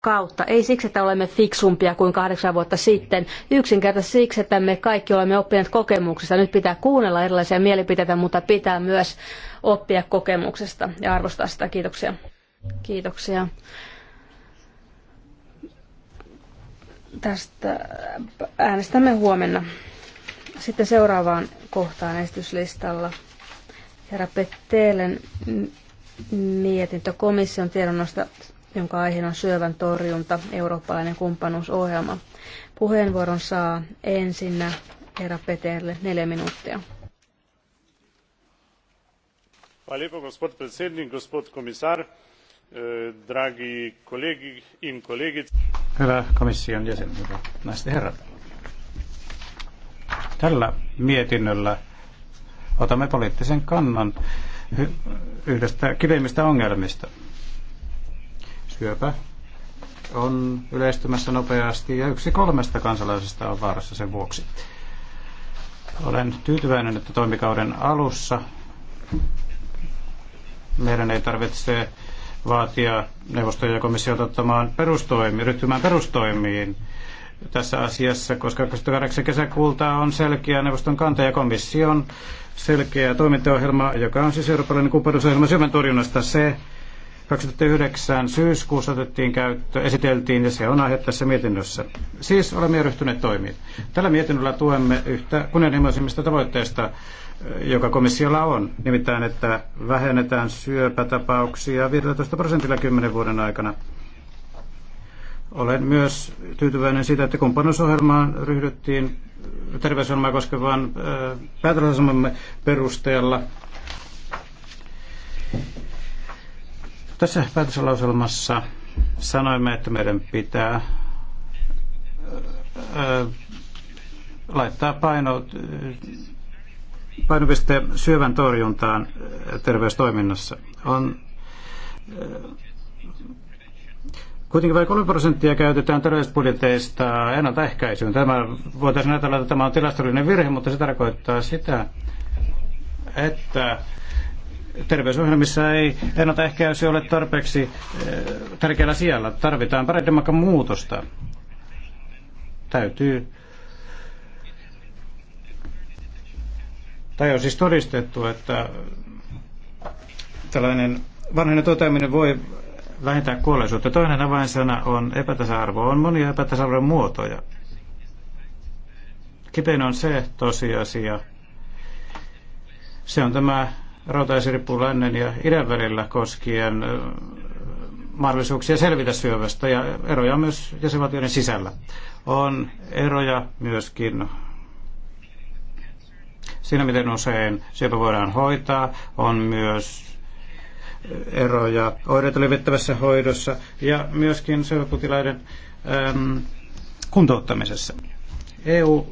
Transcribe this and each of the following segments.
kautta. Ei siksi, että olemme fiksumpia kuin kahdeksan vuotta sitten. Yksinkertaisesti siksi, että me kaikki olemme oppineet kokemuksista. Nyt pitää kuunnella erilaisia mielipiteitä, mutta pitää myös oppia kokemuksesta ja arvostaa sitä. Kiitoksia. Kiitoksia. Tästä äänestämme huomenna. Sitten seuraavaan kohtaan esityslistalla. Herra Pettelen mietintö komission tiedonnosta jonka aiheena on syövän torjunta, eurooppalainen kumppanuusohjelma. Puheenvuoron saa ensinnä herra Peterle neljä minuuttia. Hvala gospod gospod komisar, e, dragi kolegi in kolegit. Hyvä komission jäsen, hyvä naiset herrat. Tällä mietinnöllä otamme poliittisen kannan yhdestä kiveimmistä ongelmista, Syöpä on yleistymässä nopeasti ja yksi kolmesta kansalaisesta on vaarassa sen vuoksi. Olen tyytyväinen, että toimikauden alussa meidän ei tarvitse vaatia neuvostoja ja komissiota ottamaan perustoimi, ryhtymään perustoimiin tässä asiassa, koska 28. kesäkuulta on selkeä neuvoston kanta ja komission selkeä toimintaohjelma, joka on siis Euroopan kumppanuusohjelma syömän torjunnasta. Se 2009 syyskuussa otettiin käyttö, esiteltiin ja se on aihe tässä mietinnössä. Siis olemme ryhtyneet toimiin. Tällä mietinnöllä tuemme yhtä kunnianhimoisimmista tavoitteista, joka komissiolla on, nimittäin että vähennetään syöpätapauksia 15 prosentilla 10 vuoden aikana. Olen myös tyytyväinen siitä, että kumppanuusohjelmaan ryhdyttiin terveysohjelmaa koskevan päätöslauselmamme perusteella Tässä päätöslauselmassa sanoimme, että meidän pitää laittaa paino, painopiste syövän torjuntaan terveystoiminnassa. On, Kuitenkin vain 3 prosenttia käytetään terveysbudjeteista ennaltaehkäisyyn. Tämä voitaisiin ajatella, että tämä on tilastollinen virhe, mutta se tarkoittaa sitä, että terveysohjelmissa ei ennaltaehkäisy ole tarpeeksi eh, tärkeällä siellä. Tarvitaan paradigman muutosta. Täytyy tai on siis todistettu, että tällainen vanhainen toteaminen voi vähentää kuolleisuutta. Toinen avainsana on epätasa-arvo. On monia epätasa-arvon muotoja. Kipein on se tosiasia. Se on tämä rautaisirippu lännen ja idän välillä koskien mahdollisuuksia selvitä syövästä ja eroja myös jäsenvaltioiden sisällä. On eroja myöskin siinä, miten usein syöpä voidaan hoitaa. On myös eroja oireita levittävässä hoidossa ja myöskin syöpäpotilaiden äm, kuntouttamisessa. EU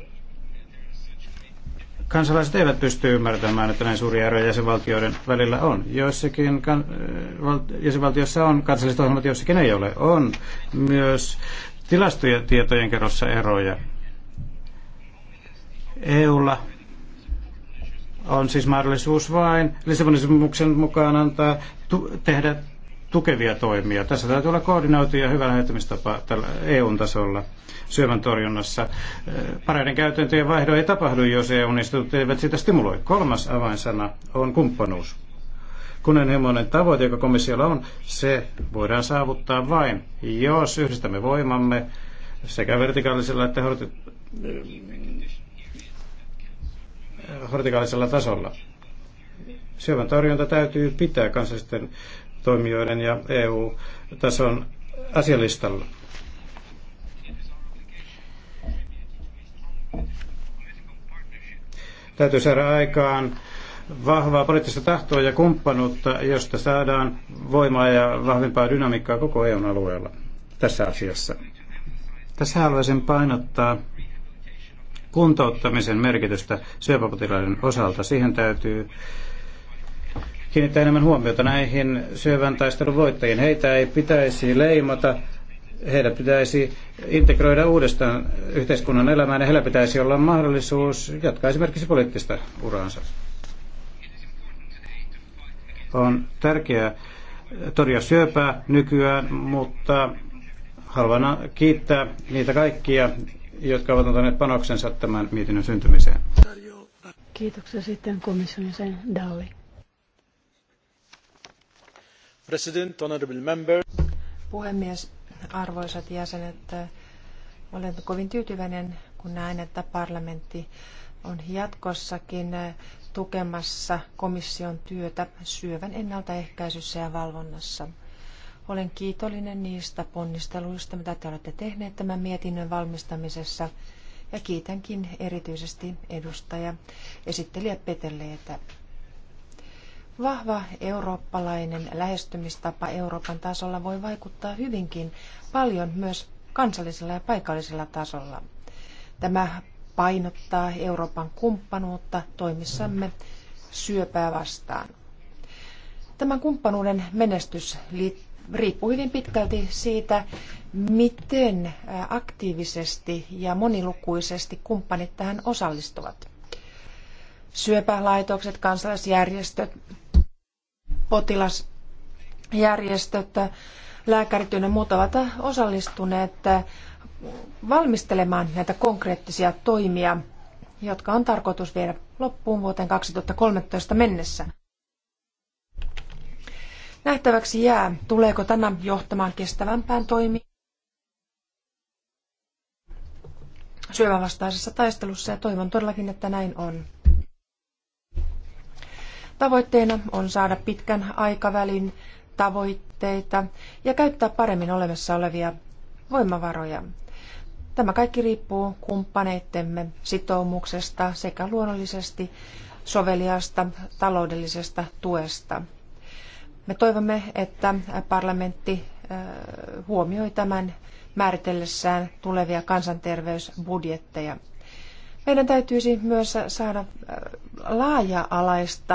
kansalaiset eivät pysty ymmärtämään, että näin suuria eroja jäsenvaltioiden välillä on. Joissakin kan- äh, jäsenvaltioissa on kansalliset ohjelmat, joissakin ei ole. On myös tilastojen tietojen kerrossa eroja. EUlla on siis mahdollisuus vain Lissabonin mukaan antaa tu- tehdä tukevia toimia. Tässä täytyy olla koordinoitu ja hyvä lähettämistapa EU-tasolla syövän torjunnassa. Äh, pareiden käytäntöjen vaihdo ei tapahdu, jos EU-instituutit eivät sitä stimuloi. Kolmas avainsana on kumppanuus. Kunnianhimoinen tavoite, joka komissiolla on, se voidaan saavuttaa vain, jos yhdistämme voimamme sekä vertikaalisella että horti- äh, hortikaalisella tasolla syövän torjunta täytyy pitää kansallisten toimijoiden ja EU-tason asialistalla. Täytyy saada aikaan vahvaa poliittista tahtoa ja kumppanuutta, josta saadaan voimaa ja vahvempaa dynamiikkaa koko EUn alueella tässä asiassa. Tässä haluaisin painottaa kuntouttamisen merkitystä syöpäpotilaiden osalta. Siihen täytyy kiinnittää enemmän huomiota näihin syövän taistelun voittajiin. Heitä ei pitäisi leimata, heidät pitäisi integroida uudestaan yhteiskunnan elämään ja heillä pitäisi olla mahdollisuus jatkaa esimerkiksi poliittista uraansa. On tärkeää torjua syöpää nykyään, mutta haluan kiittää niitä kaikkia, jotka ovat antaneet panoksensa tämän mietinnön syntymiseen. Kiitoksia sitten komission Dalli. Puhemies, arvoisat jäsenet, olen kovin tyytyväinen, kun näen, että parlamentti on jatkossakin tukemassa komission työtä syövän ennaltaehkäisyssä ja valvonnassa. Olen kiitollinen niistä ponnisteluista, mitä te olette tehneet tämän mietinnön valmistamisessa, ja kiitänkin erityisesti edustaja esittelijä Peteleetä Vahva eurooppalainen lähestymistapa Euroopan tasolla voi vaikuttaa hyvinkin paljon myös kansallisella ja paikallisella tasolla. Tämä painottaa Euroopan kumppanuutta toimissamme syöpää vastaan. Tämän kumppanuuden menestys riippuu hyvin pitkälti siitä, miten aktiivisesti ja monilukuisesti kumppanit tähän osallistuvat. Syöpälaitokset, kansalaisjärjestöt, potilasjärjestöt, lääkärit ja muut ovat osallistuneet valmistelemaan näitä konkreettisia toimia, jotka on tarkoitus viedä loppuun vuoteen 2013 mennessä. Nähtäväksi jää, tuleeko tämä johtamaan kestävämpään toimiin syövän vastaisessa taistelussa ja toivon todellakin, että näin on. Tavoitteena on saada pitkän aikavälin tavoitteita ja käyttää paremmin olemassa olevia voimavaroja. Tämä kaikki riippuu kumppaneittemme sitoumuksesta sekä luonnollisesti soveliasta taloudellisesta tuesta. Me toivomme, että parlamentti äh, huomioi tämän määritellessään tulevia kansanterveysbudjetteja. Meidän täytyisi myös saada äh, laaja-alaista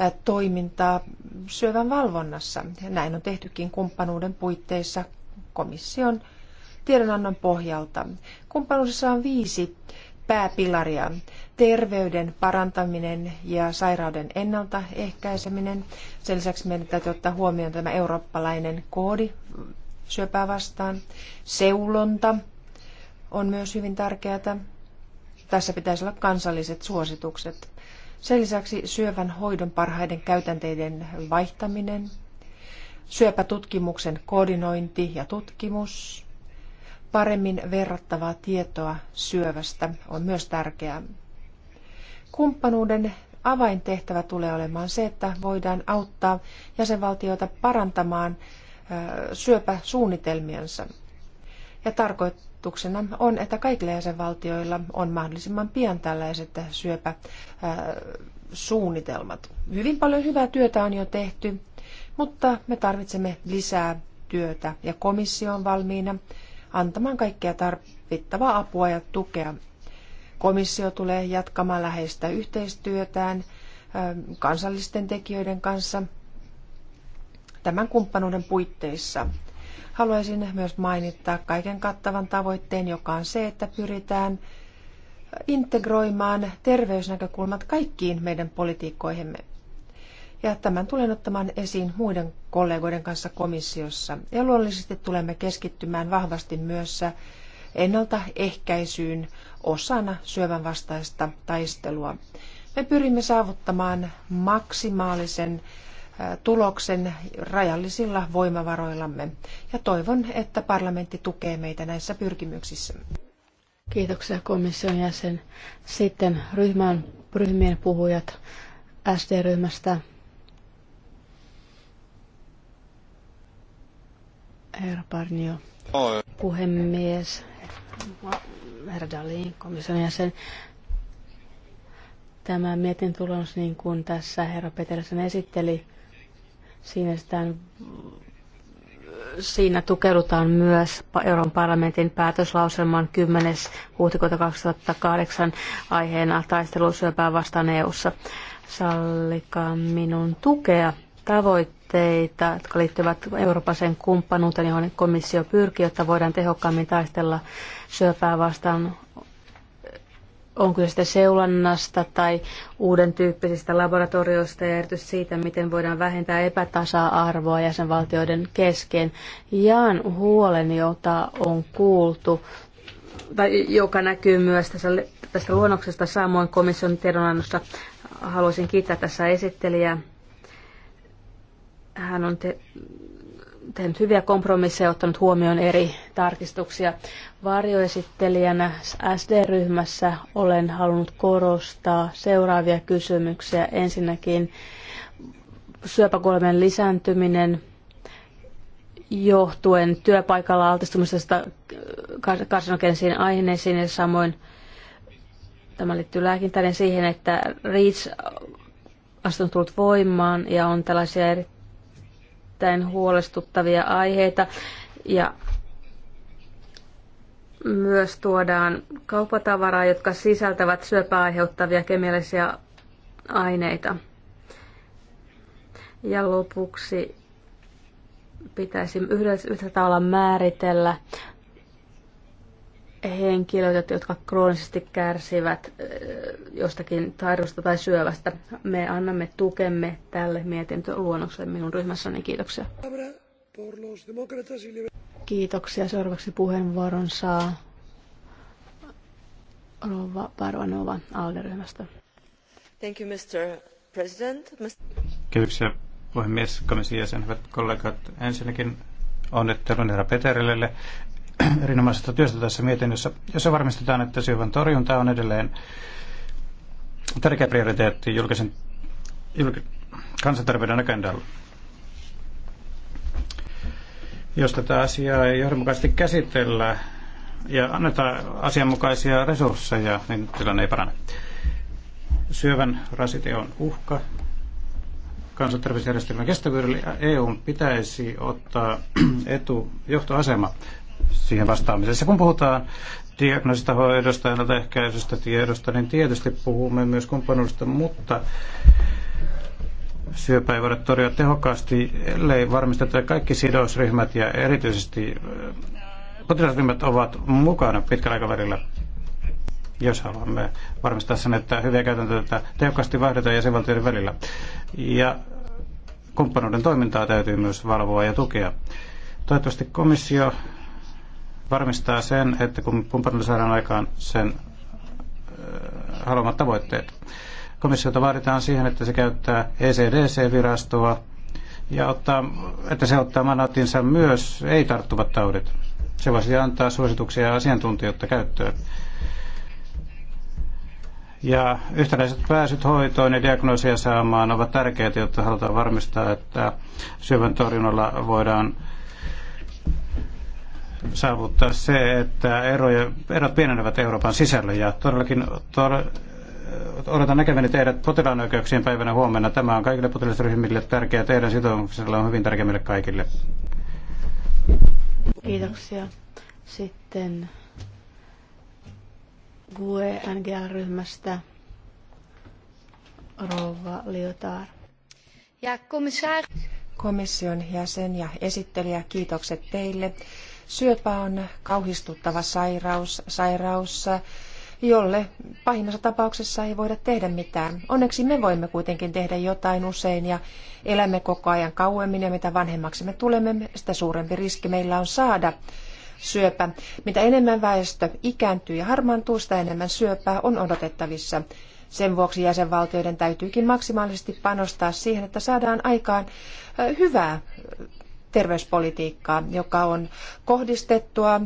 äh, toimintaa syövän valvonnassa. Näin on tehtykin kumppanuuden puitteissa komission tiedonannon pohjalta. Kumppanuudessa on viisi pääpilaria. Terveyden parantaminen ja sairauden ennaltaehkäiseminen. Sen lisäksi meidän täytyy ottaa huomioon tämä eurooppalainen koodi syöpää vastaan. Seulonta on myös hyvin tärkeää tässä pitäisi olla kansalliset suositukset. Sen lisäksi syövän hoidon parhaiden käytänteiden vaihtaminen, syöpätutkimuksen koordinointi ja tutkimus, paremmin verrattavaa tietoa syövästä on myös tärkeää. Kumppanuuden avaintehtävä tulee olemaan se, että voidaan auttaa jäsenvaltioita parantamaan syöpäsuunnitelmiansa. Ja tarkoittaa Tarkoituksena on, että kaikilla jäsenvaltioilla on mahdollisimman pian tällaiset äh, syöpäsuunnitelmat. Hyvin paljon hyvää työtä on jo tehty, mutta me tarvitsemme lisää työtä ja komissio on valmiina antamaan kaikkea tarvittavaa apua ja tukea. Komissio tulee jatkamaan läheistä yhteistyötään äh, kansallisten tekijöiden kanssa tämän kumppanuuden puitteissa – Haluaisin myös mainittaa kaiken kattavan tavoitteen, joka on se, että pyritään integroimaan terveysnäkökulmat kaikkiin meidän politiikkoihimme. Ja tämän tulen ottamaan esiin muiden kollegoiden kanssa komissiossa. Ja luonnollisesti tulemme keskittymään vahvasti myös ennaltaehkäisyyn osana syövän vastaista taistelua. Me pyrimme saavuttamaan maksimaalisen tuloksen rajallisilla voimavaroillamme ja toivon, että parlamentti tukee meitä näissä pyrkimyksissä. Kiitoksia komission jäsen. Sitten ryhmän, ryhmien puhujat SD-ryhmästä. Herra Parnio, puhemies, herra Dalin, komission jäsen. Tämä mietintulos, niin kuin tässä herra Petersen esitteli, Siinä, sitä, siinä tukeudutaan myös Euroopan parlamentin päätöslauselman 10. huhtikuuta 2008 aiheena taistelusyöpää vastaan EU-ssa. Sallikaa minun tukea tavoitteita, jotka liittyvät Euroopan kumppanuuteen, johon komissio pyrkii, jotta voidaan tehokkaammin taistella syöpää vastaan onko kyse sitä seulannasta tai uuden tyyppisistä laboratorioista ja erityisesti siitä, miten voidaan vähentää epätasa-arvoa jäsenvaltioiden kesken. Jaan huolen, jota on kuultu, tai joka näkyy myös tässä, tästä luonnoksesta samoin komission tiedonannossa. Haluaisin kiittää tässä esittelijää. Hän on te- tehnyt hyviä kompromisseja, ottanut huomioon eri tarkistuksia. Varjoesittelijänä SD-ryhmässä olen halunnut korostaa seuraavia kysymyksiä. Ensinnäkin syöpäkuolemien lisääntyminen johtuen työpaikalla altistumisesta karsinogenisiin aineisiin ja samoin tämä liittyy lääkintään siihen, että REACH astunut tullut voimaan ja on tällaisia erittäin erittäin huolestuttavia aiheita ja myös tuodaan kaupatavaraa, jotka sisältävät syöpää aiheuttavia kemiallisia aineita. Ja lopuksi pitäisi yhdessä, yhdessä tavalla määritellä henkilöitä, jotka kroonisesti kärsivät jostakin taidosta tai syövästä. Me annamme tukemme tälle mietintöluonnokselle minun ryhmässäni. Kiitoksia. Kiitoksia. Seuraavaksi puheenvuoron saa Rova Parvanova Alderyhmästä. ryhmästä Thank you, Mr. President. Kiitoksia puhemies, komission jäsen, hyvät kollegat. Ensinnäkin onnittelun herra Peterille erinomaisesta työstä tässä mietinnössä, jossa varmistetaan, että syövän torjunta on edelleen tärkeä prioriteetti julkisen julk, kansanterveyden agendalla. Jos tätä asiaa ei johdonmukaisesti käsitellä ja annetaan asianmukaisia resursseja, niin tilanne ei parane. Syövän rasite on uhka kansanterveysjärjestelmän kestävyydelle. EUn pitäisi ottaa etu johtoasema siihen vastaamisessa. Kun puhutaan diagnoosista, hoidosta, ennaltaehkäisystä, tiedosta, niin tietysti puhumme myös kumppanuudesta, mutta syöpä ei voida torjua tehokkaasti, ellei varmisteta, että kaikki sidosryhmät ja erityisesti äh, potilasryhmät ovat mukana pitkällä aikavälillä jos haluamme varmistaa sen, että hyviä käytäntöjä tehokkaasti vaihdetaan jäsenvaltioiden välillä. Ja kumppanuuden toimintaa täytyy myös valvoa ja tukea. Toivottavasti komissio varmistaa sen, että kun kumppanilla saadaan aikaan sen äh, haluamat tavoitteet. Komissiota vaaditaan siihen, että se käyttää ECDC-virastoa ja ottaa, että se ottaa manatinsa myös ei-tarttuvat taudit. Se voisi antaa suosituksia asiantuntijoita käyttöön. Ja yhtäläiset pääsyt hoitoon ja diagnoosia saamaan ovat tärkeitä, jotta halutaan varmistaa, että syövän torjunnalla voidaan saavuttaa se, että eroja, erot pienenevät Euroopan sisällä ja todellakin to, odotan näkeväni teidät potilaan oikeuksien päivänä huomenna. Tämä on kaikille potilasryhmille tärkeää. Teidän sitoumuksella on hyvin tärkeä meille kaikille. Kiitoksia. Sitten GUE ryhmästä Rouva Liotar. Ja komissaari komission jäsen ja esittelijä, kiitokset teille Syöpä on kauhistuttava sairaus, sairaus, jolle pahimmassa tapauksessa ei voida tehdä mitään. Onneksi me voimme kuitenkin tehdä jotain usein ja elämme koko ajan kauemmin ja mitä vanhemmaksi me tulemme, sitä suurempi riski meillä on saada syöpä. Mitä enemmän väestö ikääntyy ja harmaantuu, sitä enemmän syöpää on odotettavissa. Sen vuoksi jäsenvaltioiden täytyykin maksimaalisesti panostaa siihen, että saadaan aikaan hyvää terveyspolitiikkaa, joka on kohdistettua,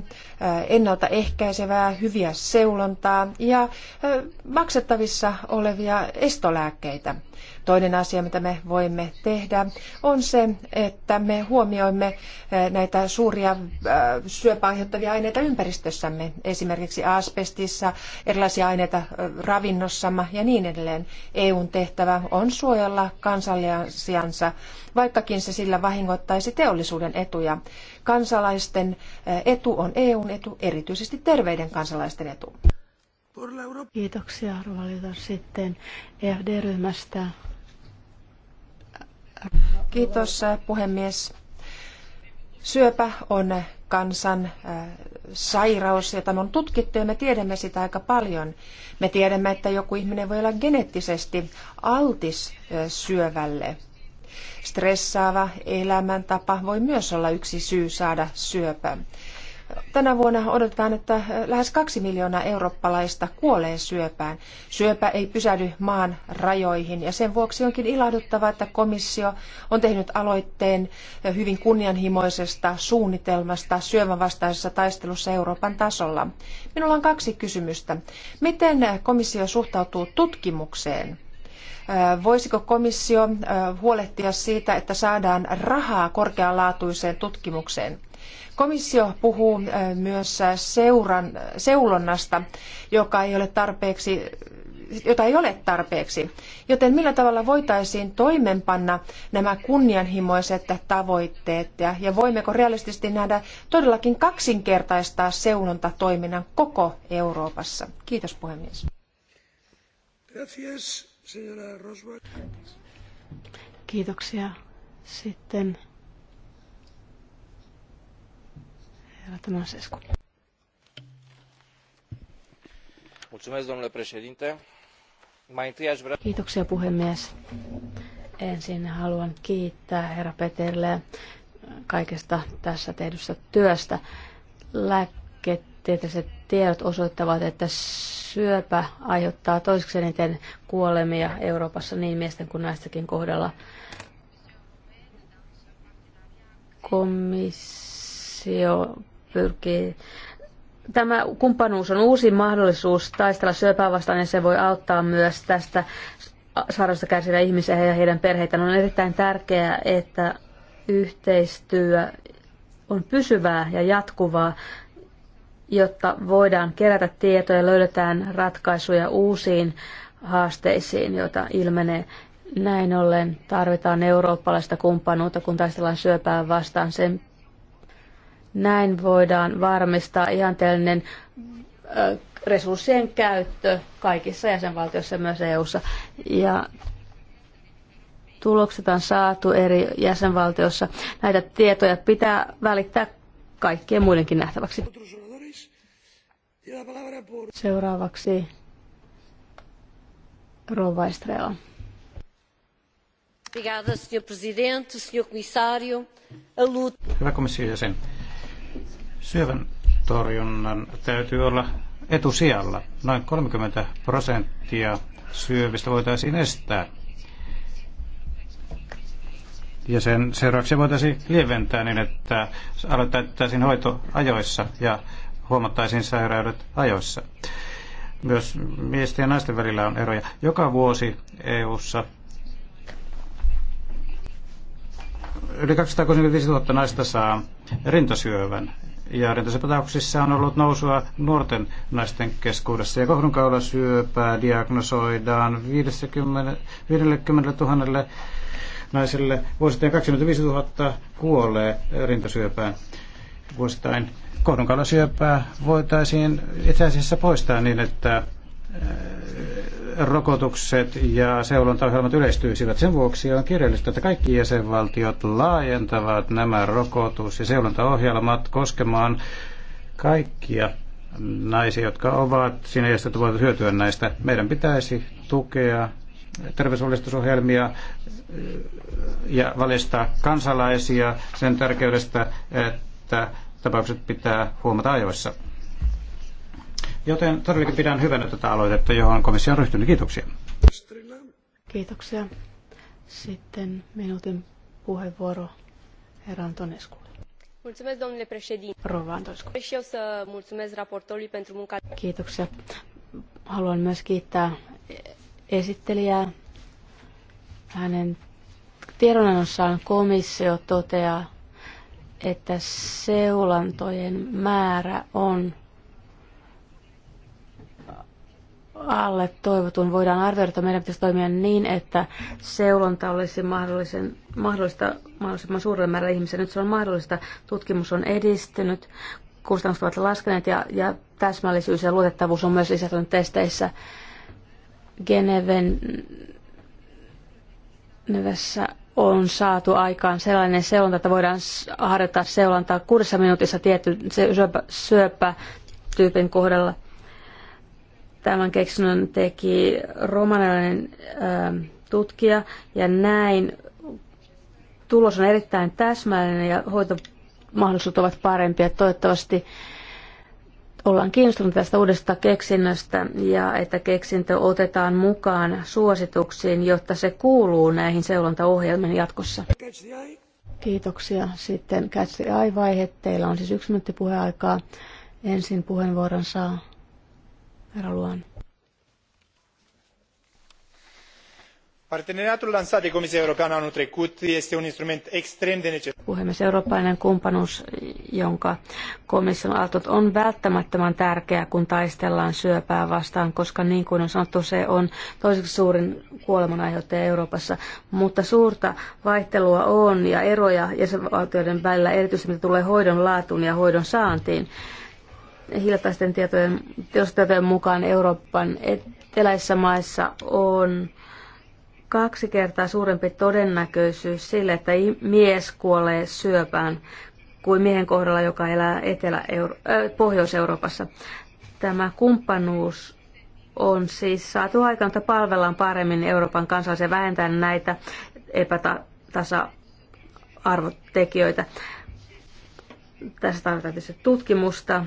ennaltaehkäisevää, hyviä seulontaa ja maksettavissa olevia estolääkkeitä. Toinen asia, mitä me voimme tehdä, on se, että me huomioimme eh, näitä suuria eh, syöpäaiheuttavia aiheuttavia aineita ympäristössämme, esimerkiksi asbestissa, erilaisia aineita eh, ravinnossamme ja niin edelleen. EUn tehtävä on suojella kansalaisiansa, vaikkakin se sillä vahingoittaisi teollisuuden etuja. Kansalaisten etu on EUn etu, erityisesti terveiden kansalaisten etu. Kiitoksia, Arvaliitos. Sitten EFD-ryhmästä Kiitos äh, puhemies. Syöpä on kansan äh, sairaus ja tämä on tutkittu ja me tiedämme sitä aika paljon. Me tiedämme, että joku ihminen voi olla geneettisesti altis äh, syövälle. Stressaava elämäntapa voi myös olla yksi syy saada syöpä. Tänä vuonna odotetaan, että eh, lähes kaksi miljoonaa eurooppalaista kuolee syöpään. Syöpä ei pysähdy maan rajoihin ja sen vuoksi onkin ilahduttavaa, että komissio on tehnyt aloitteen eh, hyvin kunnianhimoisesta suunnitelmasta syövän vastaisessa taistelussa Euroopan tasolla. Minulla on kaksi kysymystä. Miten eh, komissio suhtautuu tutkimukseen? Voisiko komissio huolehtia siitä, että saadaan rahaa korkealaatuiseen tutkimukseen? Komissio puhuu äh, myös äh, seuran, seulonnasta, joka ei ole tarpeeksi jota ei ole tarpeeksi. Joten millä tavalla voitaisiin toimenpanna nämä kunnianhimoiset tavoitteet ja, ja voimmeko realistisesti nähdä todellakin kaksinkertaistaa seulontatoiminnan koko Euroopassa? Kiitos puhemies. Kiitoksia. Sitten domnule președinte mai întâi aș vrea. Kiitoksia puhemies. Ensin haluan kiittää herra Peterle kaikesta tässä tehdystä työstä. Lääketieteelliset tiedot osoittavat, että syöpä aiheuttaa toiseksi eniten kuolemia Euroopassa niin miesten kuin naistenkin kohdalla. Komissio pyrkii Tämä kumppanuus on uusi mahdollisuus taistella syöpää vastaan ja se voi auttaa myös tästä sairaudesta kärsiviä ihmisiä ja heidän perheitään. On erittäin tärkeää, että yhteistyö on pysyvää ja jatkuvaa, jotta voidaan kerätä tietoja ja löydetään ratkaisuja uusiin haasteisiin, joita ilmenee. Näin ollen tarvitaan eurooppalaista kumppanuutta, kun taistellaan syöpää vastaan. Sen näin voidaan varmistaa ihanteellinen resurssien käyttö kaikissa jäsenvaltioissa myös EU:ssa ja tulokset on saatu eri jäsenvaltioissa. Näitä tietoja pitää välittää kaikkien muidenkin nähtäväksi. Seuraavaksi Rova Estrela. Hyvä komission jäsen. Syövän torjunnan täytyy olla etusijalla. Noin 30 prosenttia syövistä voitaisiin estää. Ja sen seuraavaksi voitaisiin lieventää niin, että aloitettaisiin hoito ajoissa ja huomattaisiin sairaudet ajoissa. Myös miesten ja naisten välillä on eroja. Joka vuosi EU:ssa yli 235 000 naista saa rintasyövän ja rintasepätauksissa on ollut nousua nuorten naisten keskuudessa ja kohdunkaulasyöpää diagnosoidaan 50, 50 000 naiselle vuosittain 25 000 kuolee rintasyöpään vuosittain. Kohdunkaulasyöpää voitaisiin itse asiassa poistaa niin, että rokotukset ja seulontaohjelmat yleistyisivät. Sen vuoksi on kirjallista, että kaikki jäsenvaltiot laajentavat nämä rokotus- ja seulontaohjelmat koskemaan kaikkia naisia, jotka ovat siinä iässä, että voivat hyötyä näistä. Meidän pitäisi tukea terveysuudistusohjelmia eh, ja valistaa kansalaisia sen tärkeydestä, että tapaukset pitää huomata ajoissa. Joten todellakin pidän hyvänä tätä aloitetta, johon komissio on ryhtynyt. Kiitoksia. Kiitoksia. Sitten minuutin puheenvuoro herra Antonescu. Mulțumesc, domnule președinte. Rova Antonescu. Și eu să mulțumesc raportorului pentru munca. Kiitoksia. Haluan myös kiittää esittelijää. Hänen tiedonannossaan komissio toteaa, että seulantojen määrä on alle toivotun voidaan arvioida, että meidän pitäisi toimia niin, että seulonta olisi mahdollisen, mahdollista mahdollisimman suurelle määrälle ihmisiä. Nyt se on mahdollista. Tutkimus on edistynyt, kustannukset ovat laskeneet ja, ja täsmällisyys ja luotettavuus on myös lisätynyt testeissä. Geneven Nevessä on saatu aikaan sellainen seulonta, että voidaan harjoittaa seulontaa kuudessa minuutissa tietyn syöpä, tyypin kohdalla – Tämän keksinnön teki romanilainen ähm, tutkija ja näin tulos on erittäin täsmällinen ja hoitomahdollisuudet ovat parempia. Toivottavasti ollaan kiinnostuneita tästä uudesta keksinnöstä ja että keksintö otetaan mukaan suosituksiin, jotta se kuuluu näihin seulontaohjelmiin jatkossa. Kiitoksia. Sitten Catch the Eye-vaihe. Teillä on siis yksi minuutti puheaikaa. Ensin puheenvuoron saa era Luan. Parteneriatul lansat de Comisia Europeană anul trecut este un instrument extrem de necesar. Puhemies, eurooppalainen kumppanuus, jonka komission aloitus on välttämättömän tärkeä, kun taistellaan syöpää vastaan, koska niin kuin on sanottu, se on toiseksi suurin kuolemanaiheuttaja Euroopassa. Mutta suurta vaihtelua on ja eroja jäsenvaltioiden välillä, erityisesti mitä tulee hoidon laatuun ja hoidon saantiin hiljattaisten tietojen, tietojen mukaan Euroopan eteläisissä maissa on kaksi kertaa suurempi todennäköisyys sille, että mies kuolee syöpään kuin miehen kohdalla, joka elää Etelä äh, Pohjois-Euroopassa. Tämä kumppanuus on siis saatu aikaan, että palvellaan paremmin Euroopan kansalaisia vähentää näitä epätasa-arvotekijöitä. Tässä tarvitaan tietysti tutkimusta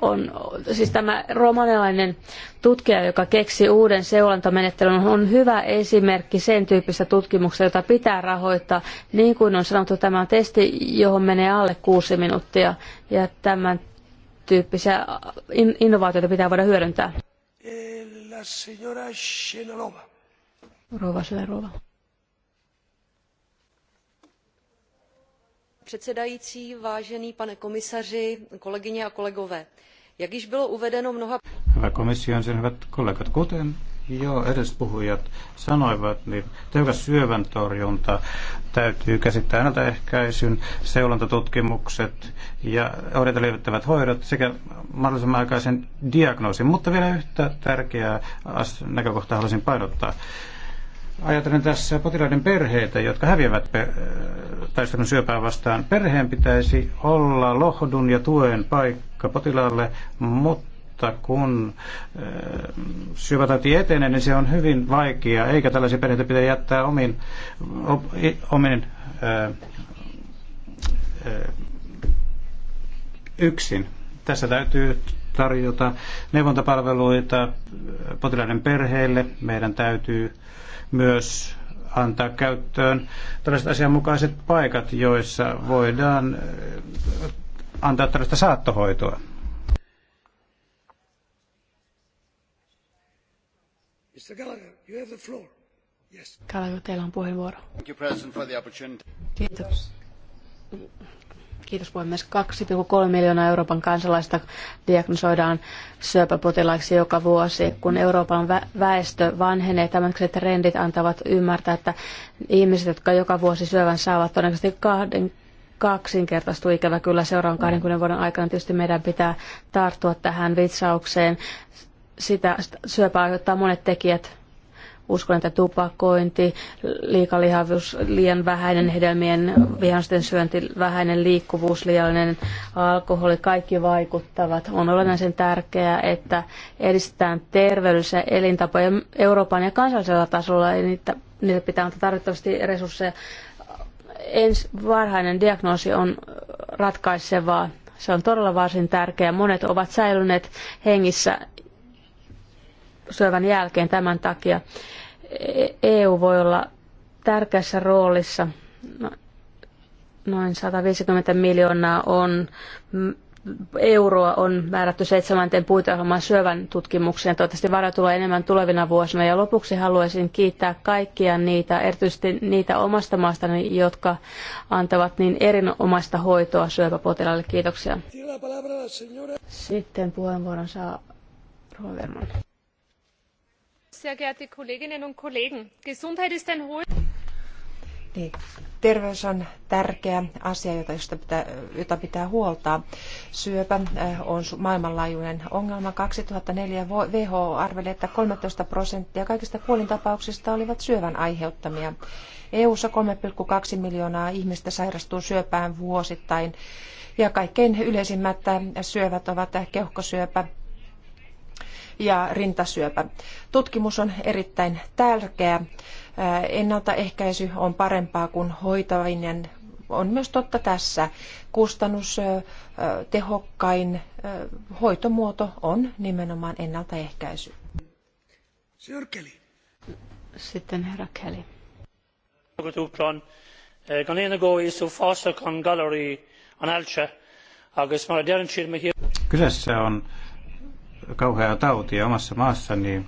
on, siis tämä romanilainen tutkija, joka keksi uuden seulantamenettelyn, on hyvä esimerkki sen tyyppistä tutkimuksesta, jota pitää rahoittaa. Niin kuin on sanottu, tämä on testi, johon menee alle kuusi minuuttia, ja tämän tyyppisiä innovaatioita pitää voida hyödyntää. Eh, la señora Rova, předsedající vážený pane komisaři kolegyně a kolegové jak již bylo uvedeno mnoha. hyvä komission hyvät kollegat kuten jo edespuhujat sanoivat, niin tehokas täytyy käsittää ennaltaehkäisyn, ja oireita hoidot sekä mahdollisimman aikaisen diagnoosin. Mutta vielä yhtä tärkeää näkökohtaa haluaisin painottaa. Ajatellen tässä potilaiden perheitä, jotka häviävät per- taistelun syöpää vastaan. Perheen pitäisi olla lohdun ja tuen paikka potilaalle, mutta kun eh, syöpätauti etenee, niin se on hyvin vaikea, eikä tällaisia perheitä pidä jättää omin, omin eh, eh, yksin. Tässä täytyy tarjota neuvontapalveluita potilaiden perheille. Meidän täytyy myös antaa käyttöön tällaiset asianmukaiset paikat, joissa voidaan eh, antaa tällaista saattohoitoa. Mr. Gallagher, you have the floor. Yes. Gallagher, teillä on puheenvuoro. Kiitos. Kiitos puhemies. 2,3 miljoonaa Euroopan kansalaista diagnosoidaan syöpäpotilaiksi joka vuosi. Kun Euroopan väestö vanhenee, tämmöiset trendit antavat ymmärtää, että ihmiset, jotka joka vuosi syövän saavat, todennäköisesti kahden, kaksinkertaistu ikävä kyllä seuraavan 20 vuoden aikana. Tietysti meidän pitää tarttua tähän vitsaukseen. Sitä syöpää aiheuttaa monet tekijät, Uskon, että tupakointi, liikalihavuus, liian vähäinen hedelmien vihansten syönti, vähäinen liikkuvuus, liiallinen alkoholi, kaikki vaikuttavat. On olennaisen tärkeää, että edistetään terveydellisiä elintapoja Euroopan ja kansallisella tasolla, ja niitä, niitä pitää antaa tarvittavasti resursseja. Ens, varhainen diagnoosi on ratkaisevaa se on todella varsin tärkeää. Monet ovat säilyneet hengissä syövän jälkeen tämän takia. EU e voi olla tärkeässä roolissa. No, noin 150 miljoonaa on euroa on määrätty seitsemänteen puiteohjelman syövän tutkimukseen. Toivottavasti varoja tulee enemmän tulevina vuosina. Ja lopuksi haluaisin kiittää kaikkia niitä, erityisesti niitä omasta maastani, jotka antavat niin erinomaista hoitoa syöpäpotilaille. Kiitoksia. Sitten puheenvuoron saa Roverman sehr geehrte Kolleginnen und Kollegen! Gesundheit ist ein hohes... Niin. Terveys on tärkeä asia, jota, josta pitää, jota pitää huoltaa. Syöpä eh, on maailmanlaajuinen ongelma. 2004 WHO arveli, että 13 prosenttia kaikista kuolintapauksista olivat syövän aiheuttamia. EU-ssa 3,2 miljoonaa ihmistä sairastuu syöpään vuosittain. Ja kaikkein yleisimmät eh, syövät ovat eh, keuhkosyöpä, ja rintasyöpä. Tutkimus on erittäin tärkeä. Äh, ennaltaehkäisy on parempaa kuin hoitaminen. On myös totta tässä. Kustannustehokkain äh, äh, hoitomuoto on nimenomaan ennaltaehkäisy. Sitten herra Kelly. Eh, Kyseessä on kauheaa tautia omassa maassa, niin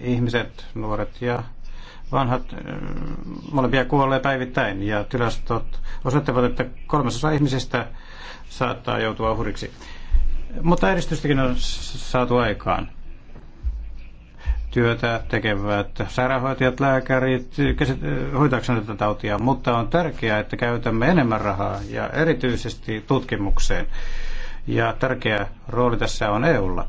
ihmiset, nuoret ja vanhat, äh, molempia kuolee päivittäin ja tilastot osoittavat, että kolmasosa ihmisistä saattaa joutua uhriksi. Mutta edistystäkin on saatu aikaan. Työtä tekevät sairaanhoitajat, lääkärit, äh, hoitaakseni tätä tautia, mutta on tärkeää, että käytämme enemmän rahaa ja erityisesti tutkimukseen ja tärkeä rooli tässä on EUlla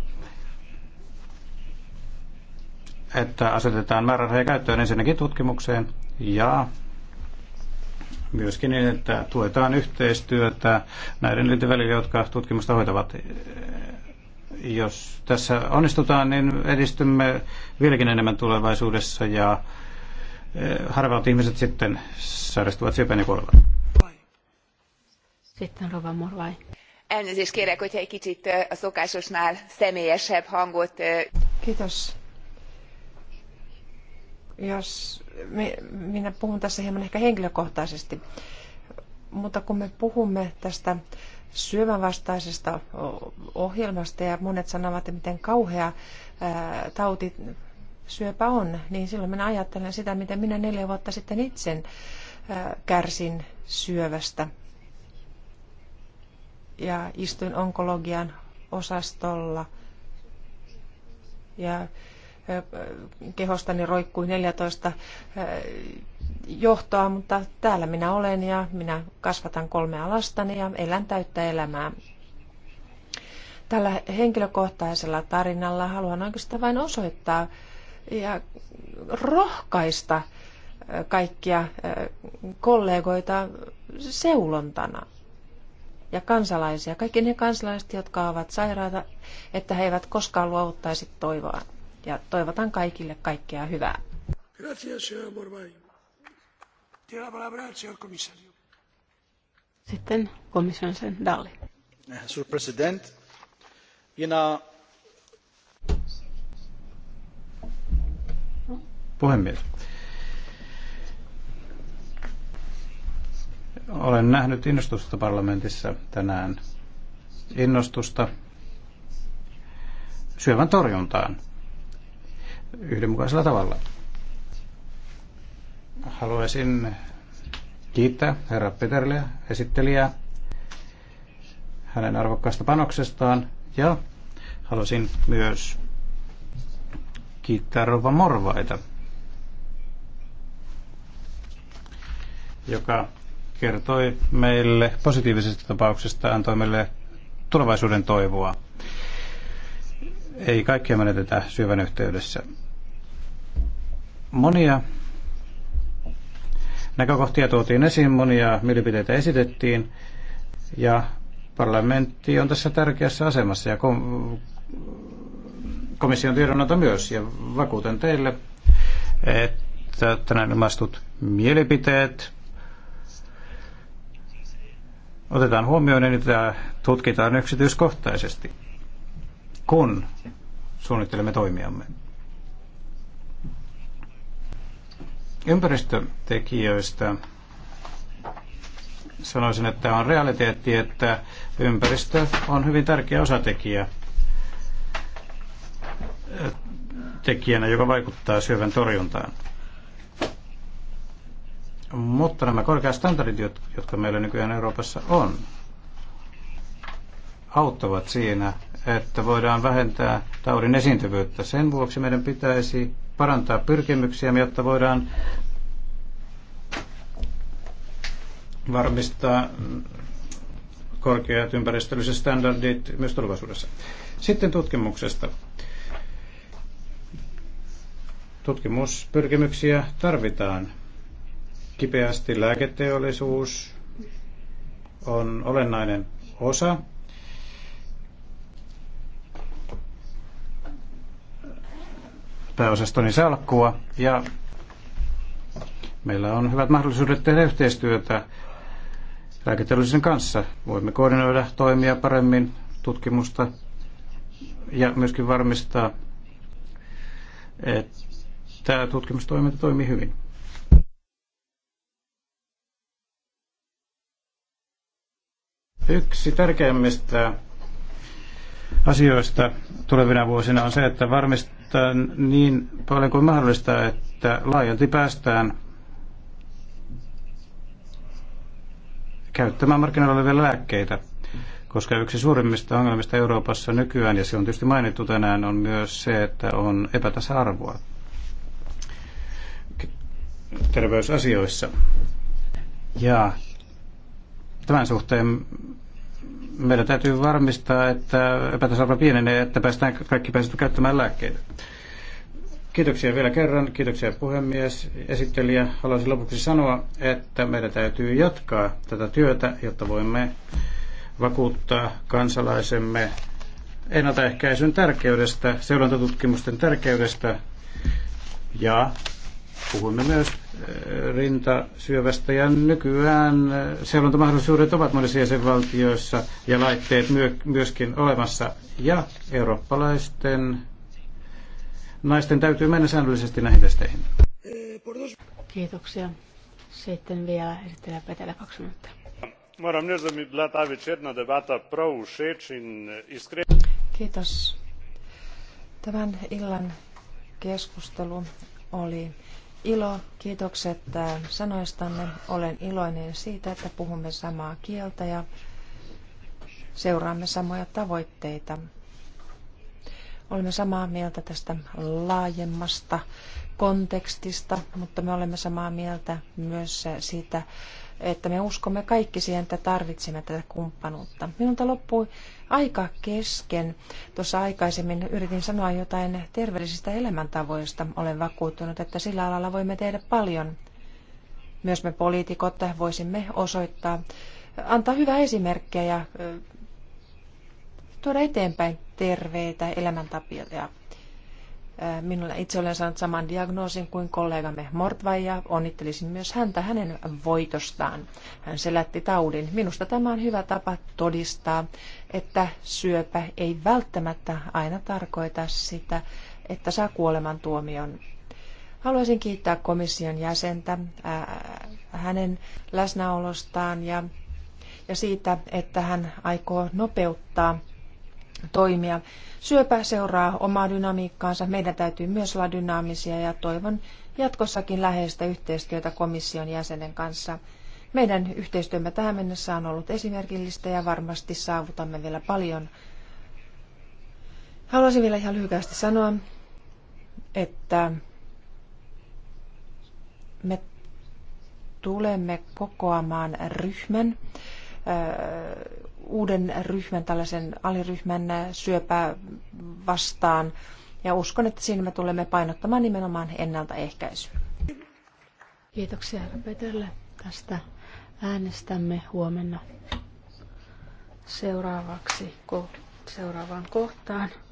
että asetetaan määrärahoja käyttöön ensinnäkin tutkimukseen ja myöskin niin, että tuetaan yhteistyötä näiden elinten välillä, jotka tutkimusta hoitavat. Jos tässä onnistutaan, niin edistymme vieläkin enemmän tulevaisuudessa ja eh, harvaat ihmiset sitten sairastuvat syöpään ja kuolevat. Sitten Rova Morvai elnézést kérek hogyha egy kicsit a szokásosnál személyesebb hangot. Kiitos. Jos minä puhun tässä hieman ehkä henkilökohtaisesti, mutta kun me puhumme tästä syövänvastaisesta ohjelmasta ja monet sanovat, että miten kauhea tauti syöpä on, niin silloin minä ajattelen sitä, miten minä neljä vuotta sitten itse kärsin syövästä ja istuin onkologian osastolla ja kehostani roikkui 14 johtoa, mutta täällä minä olen ja minä kasvatan kolmea lastani ja elän täyttä elämää. Tällä henkilökohtaisella tarinalla haluan oikeastaan vain osoittaa ja rohkaista kaikkia kollegoita seulontana ja kansalaisia, kaikki ne kansalaiset, jotka ovat sairaita, että he eivät koskaan luovuttaisi toivoa. Ja toivotan kaikille kaikkea hyvää. Sitten komission sen Dalli. president, jena... Puhemies. Olen nähnyt innostusta parlamentissa tänään. Innostusta syövän torjuntaan yhdenmukaisella tavalla. Haluaisin kiittää herra Peterliä, esittelijää, hänen arvokkaasta panoksestaan ja halusin myös kiittää Rova Morvaita, joka kertoi meille positiivisista tapauksista, antoi meille tulevaisuuden toivoa. Ei kaikkia menetetä syövän yhteydessä. Monia näkökohtia tuotiin esiin, monia mielipiteitä esitettiin ja parlamentti on tässä tärkeässä asemassa ja kom- komission tiedonanto myös. Ja vakuutan teille, että tänään ilmaistut mielipiteet otetaan huomioon ja niitä tutkitaan yksityiskohtaisesti, kun suunnittelemme toimiamme. Ympäristötekijöistä sanoisin, että on realiteetti, että ympäristö on hyvin tärkeä osatekijä tekijänä, joka vaikuttaa syövän torjuntaan. Mutta nämä korkeat standardit, jotka meillä nykyään Euroopassa on, auttavat siinä, että voidaan vähentää taudin esiintyvyyttä. Sen vuoksi meidän pitäisi parantaa pyrkimyksiä, jotta voidaan varmistaa korkeat ympäristölliset standardit myös tulevaisuudessa. Sitten tutkimuksesta. Tutkimuspyrkimyksiä tarvitaan kipeästi. Lääketeollisuus on olennainen osa pääosastoni salkkua ja meillä on hyvät mahdollisuudet tehdä yhteistyötä lääketeollisuuden kanssa. Voimme koordinoida toimia paremmin, tutkimusta ja myöskin varmistaa, että tämä tutkimustoiminta toimii hyvin. Yksi tärkeimmistä asioista tulevina vuosina on se, että varmistetaan niin paljon kuin mahdollista, että laajalti päästään käyttämään markkinoilla olevia lääkkeitä, koska yksi suurimmista ongelmista Euroopassa nykyään, ja se on tietysti mainittu tänään, on myös se, että on epätasa-arvoa terveysasioissa. Ja Tämän suhteen meidän täytyy varmistaa, että epätasarvo pienenee, että päästään, kaikki pääsevät käyttämään lääkkeitä. Kiitoksia vielä kerran. Kiitoksia puhemies. Esittelijä haluaisin lopuksi sanoa, että meidän täytyy jatkaa tätä työtä, jotta voimme vakuuttaa kansalaisemme ennaltaehkäisyn tärkeydestä, seurantatutkimusten tärkeydestä ja Puhumme myös eh, rintasyövästä ja nykyään eh, seurantamahdollisuudet ovat monissa jäsenvaltioissa ja laitteet myöskin olemassa. Ja eurooppalaisten naisten täytyy mennä säännöllisesti näihin testeihin. Kiitoksia. Sitten vielä esittelee Petelä kaksi minuuttia. debata Kiitos. Tämän illan keskustelu oli ilo, kiitokset äh, sanoistanne. Olen iloinen siitä, että puhumme samaa kieltä ja seuraamme samoja tavoitteita. Olemme samaa mieltä tästä laajemmasta kontekstista, mutta me olemme samaa mieltä myös äh, siitä että me uskomme kaikki siihen, että tarvitsemme tätä kumppanuutta. Minulta loppui aika kesken. Tuossa aikaisemmin yritin sanoa jotain terveellisistä elämäntavoista. Olen vakuuttunut, että sillä alalla voimme tehdä paljon. Myös me poliitikot voisimme osoittaa, antaa hyvää esimerkkiä ja tuoda eteenpäin terveitä elämäntapioita. Äh, Minulla itse olen saanut saman diagnoosin kuin kollegamme Mortva ja onnittelisin myös häntä hänen voitostaan. Hän selätti taudin. Minusta tämä on hyvä tapa todistaa, että syöpä ei välttämättä aina tarkoita sitä, että saa kuoleman tuomion. Haluaisin kiittää komission jäsentä ää, äh, hänen läsnäolostaan ja, ja siitä, että hän aikoo nopeuttaa toimia. Syöpä seuraa omaa dynamiikkaansa. Meidän täytyy myös olla dynaamisia ja toivon jatkossakin läheistä yhteistyötä komission jäsenen kanssa. Meidän yhteistyömme tähän mennessä on ollut esimerkillistä ja varmasti saavutamme vielä paljon. Haluaisin vielä ihan lyhyesti sanoa, että me tulemme kokoamaan ryhmän uuden ryhmän, tällaisen aliryhmän äh, syöpää vastaan. Ja uskon, että siinä me tulemme painottamaan nimenomaan ennaltaehkäisyä. Kiitoksia Petelle tästä. Äänestämme huomenna seuraavaksi ko- seuraavaan kohtaan.